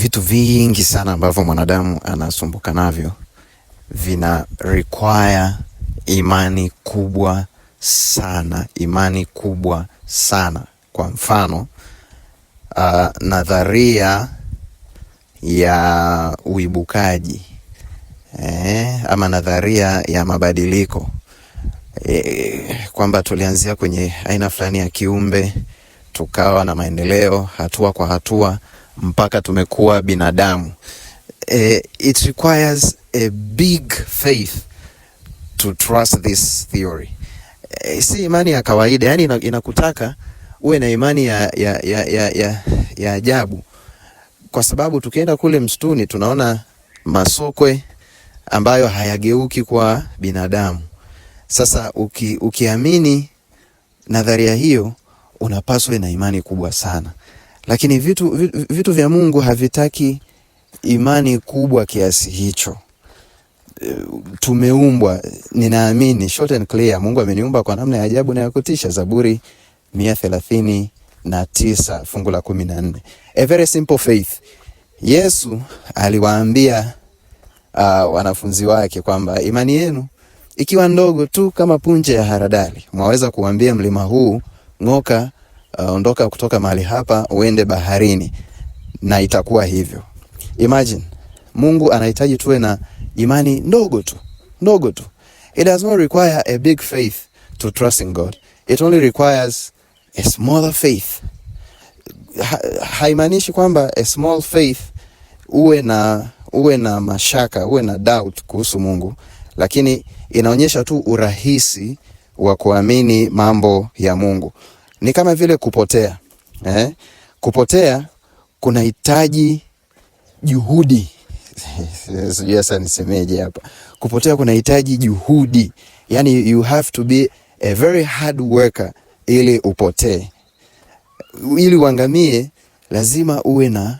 vitu vingi sana ambavyo mwanadamu anasumbuka navyo vina require imani kubwa sana, imani kubwa sana. Kwa mfano uh, nadharia ya uibukaji eh, ama nadharia ya mabadiliko eh, kwamba tulianzia kwenye aina fulani ya kiumbe tukawa na maendeleo hatua kwa hatua mpaka tumekuwa binadamu. Eh, it requires a big faith to trust this theory. Eh, si imani ya kawaida, yani inakutaka uwe na imani ya, ya, ya, ya, ya, ya ajabu kwa sababu tukienda kule msituni tunaona masokwe ambayo hayageuki kwa binadamu. Sasa uki, ukiamini nadharia hiyo unapaswa na imani kubwa sana. Lakini vitu, vitu, vitu vya Mungu havitaki imani kubwa kiasi hicho. Tumeumbwa, ninaamini short and clear, Mungu ameniumba kwa namna ya ajabu na ya kutisha. Zaburi mia thelathini na tisa fungu la kumi na nne. A very simple faith. Yesu aliwaambia uh, wanafunzi wake kwamba imani yenu ikiwa ndogo tu kama punje ya haradali, mwaweza kuambia mlima huu ng'oka uh, ondoka kutoka mahali hapa uende baharini na itakuwa hivyo. Imagine Mungu anahitaji tuwe na imani ndogo tu, ndogo tu. It does not require a big faith to trust in God. It only requires a smaller faith. Ha, haimaanishi kwamba a small faith uwe na uwe na mashaka uwe na doubt kuhusu Mungu, lakini inaonyesha tu urahisi wa kuamini mambo ya Mungu ni kama vile kupotea eh? Kupotea kunahitaji juhudi sijui hasa nisemeje hapa. Kupotea kunahitaji juhudi, yani you have to be a very hard worker ili upotee. Ili uangamie, lazima uwe na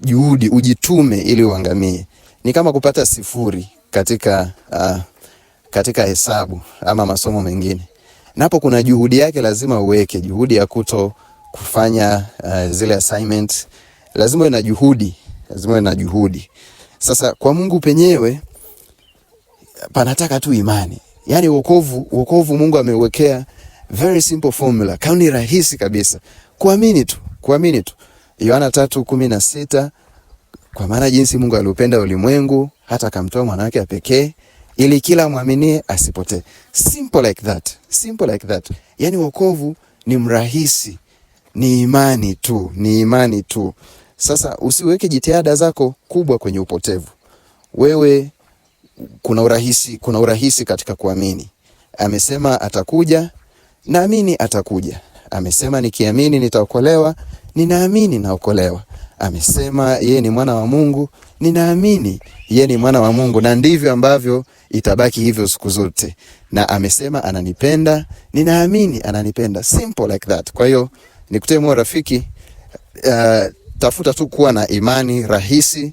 juhudi, ujitume ili uangamie. Ni kama kupata sifuri katika, uh, katika hesabu ama masomo mengine napo kuna juhudi yake lazima uweke juhudi ya kuto kufanya uh, zile assignment lazima uwe na juhudi, lazima uwe na juhudi. Sasa kwa Mungu penyewe panataka tu imani, yani wokovu. Wokovu Mungu ameuwekea very simple formula, kauni rahisi kabisa, kuamini tu, kuamini tu. Yohana tatu kumi na sita, kwa maana jinsi Mungu aliupenda ulimwengu hata akamtoa mwana wake pekee ili kila mwaminie asipotee. Simple like that. Simple like that. Yani wokovu ni mrahisi, ni imani tu, ni imani tu. Sasa usiweke jitihada zako kubwa kwenye upotevu. Wewe kuna urahisi, kuna urahisi katika kuamini. Amesema atakuja, naamini atakuja. Amesema nikiamini nitaokolewa, ninaamini naokolewa amesema yeye ni mwana wa Mungu. Ninaamini yeye ni mwana wa Mungu, na ndivyo ambavyo itabaki hivyo siku zote, na amesema ananipenda. Ninaamini ananipenda, simple like that. Kwa hiyo nikutoe moyo rafiki, uh, tafuta tu kuwa na imani rahisi,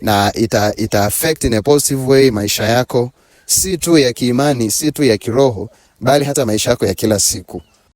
na ita, ita affect in a positive way maisha yako, si tu ya kiimani, si tu ya kiroho, bali hata maisha yako ya kila siku.